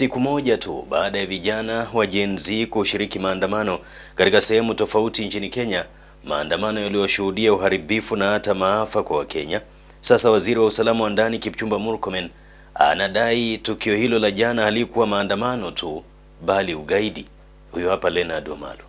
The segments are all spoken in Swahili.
Siku moja tu baada ya vijana wa Gen Z kushiriki maandamano katika sehemu tofauti nchini Kenya, maandamano yaliyoshuhudia uharibifu na hata maafa kwa Wakenya. Sasa waziri wa usalama wa ndani Kipchumba Murkomen anadai tukio hilo la jana halikuwa maandamano tu, bali ugaidi. Huyo hapa Leonard Omalo.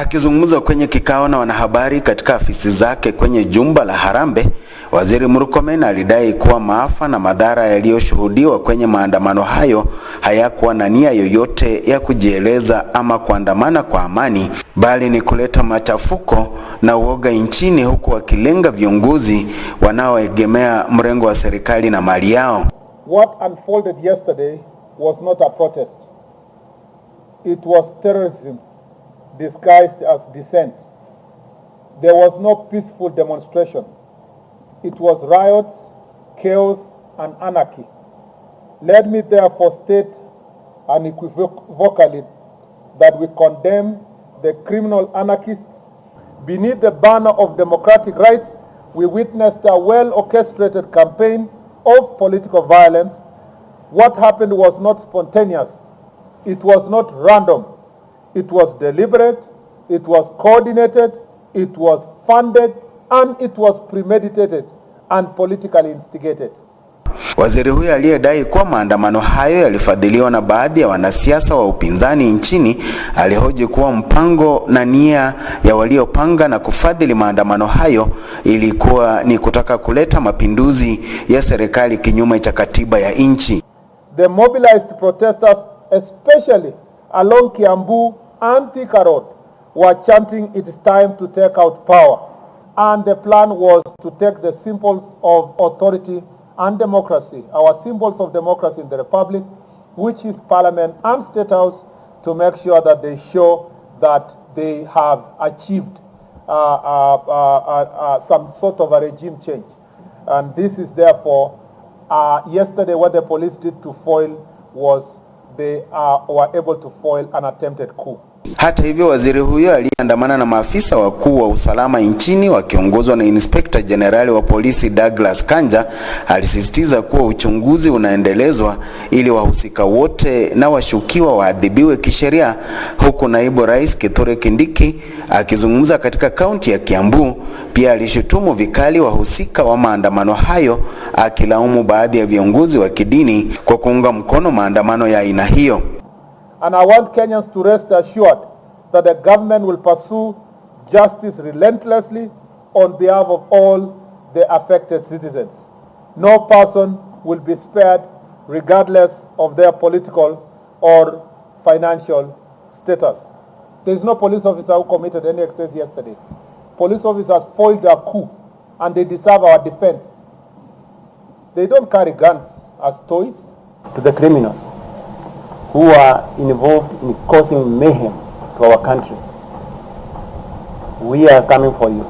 Akizungumza kwenye kikao na wanahabari katika afisi zake kwenye jumba la harambe Waziri Murkomen alidai kuwa maafa na madhara yaliyoshuhudiwa kwenye maandamano hayo hayakuwa na nia yoyote ya kujieleza ama kuandamana kwa amani, bali ni kuleta machafuko na uoga nchini, huku wakilenga viongozi wanaoegemea mrengo wa serikali na mali yao. What unfolded yesterday was not a protest. It was terrorism. disguised as dissent. There was no peaceful demonstration. It was riots, chaos, and anarchy. Let me therefore state unequivocally that we condemn the criminal anarchists. Beneath the banner of democratic rights, we witnessed a well-orchestrated campaign of political violence. What happened was not spontaneous. It was not random. It was deliberate, it was coordinated, it was funded, and it was premeditated and politically instigated. Waziri huyo aliyedai kuwa maandamano hayo yalifadhiliwa na baadhi ya wanasiasa wa upinzani nchini alihoji kuwa mpango na nia ya waliopanga na kufadhili maandamano hayo ilikuwa ni kutaka kuleta mapinduzi ya serikali kinyume cha katiba ya nchi. The mobilized protesters especially along Kiambu anti-Carrot were chanting it's time to take out power. And the plan was to take the symbols of authority and democracy, our symbols of democracy in the Republic, which is Parliament and State House, to make sure that they show that they have achieved uh, uh, uh, uh, uh some sort of a regime change. And this is therefore, uh, yesterday what the police did to foil was they were able to foil an attempted coup. Hata hivyo, waziri huyo aliyeandamana na maafisa wakuu wa usalama nchini wakiongozwa na Inspekta Jenerali wa polisi Douglas Kanja alisisitiza kuwa uchunguzi unaendelezwa ili wahusika wote na washukiwa waadhibiwe kisheria, huku naibu rais Kithure Kindiki akizungumza katika kaunti ya Kiambu pia alishutumu vikali wahusika wa maandamano hayo, akilaumu baadhi ya viongozi wa kidini kwa kuunga mkono maandamano ya aina hiyo. And I want Kenyans to rest assured that the government will pursue justice relentlessly on behalf of all the affected citizens. No person will be spared regardless of their political or financial status. There is no police officer who committed any excess yesterday. Police officers foiled their coup and they deserve our defense. They don't carry guns as toys to the criminals. who are involved in causing mayhem to our country. We are coming for you.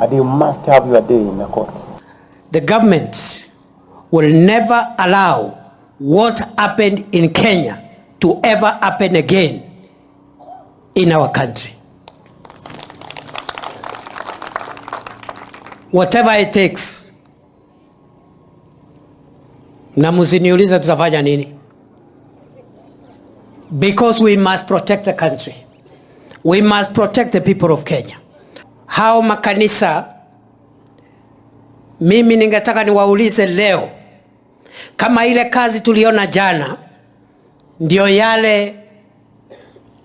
And you must have your day in the court. The government will never allow what happened in Kenya to ever happen again in our country. Whatever it takes. Na msiniulize tutafanya nini because we must protect the country. We must protect the people of Kenya. Hao makanisa mimi ningetaka niwaulize leo kama ile kazi tuliona jana ndio yale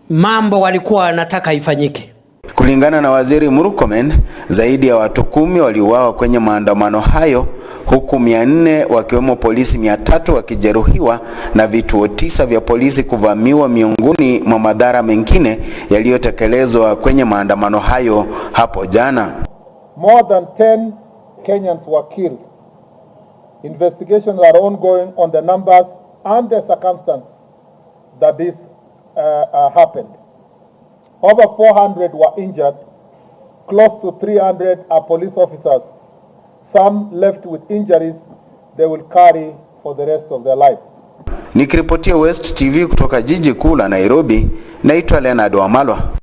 mambo walikuwa wanataka ifanyike. Kulingana na Waziri Murkomen, zaidi ya watu kumi waliuawa kwenye maandamano hayo huku mia nne wakiwemo polisi mia tatu wakijeruhiwa na vituo tisa vya polisi kuvamiwa miongoni mwa madhara mengine yaliyotekelezwa kwenye maandamano hayo hapo jana. More than 10 Kenyans were killed. Investigations are ongoing on the numbers and the circumstances that this uh, uh, happened. Over 400 were injured. Close to 300 are police officers Some left with injuries they will carry for the rest of their lives. Nikiripotia West TV kutoka jiji kuu la Nairobi, naitwa Leonard Wamalwa.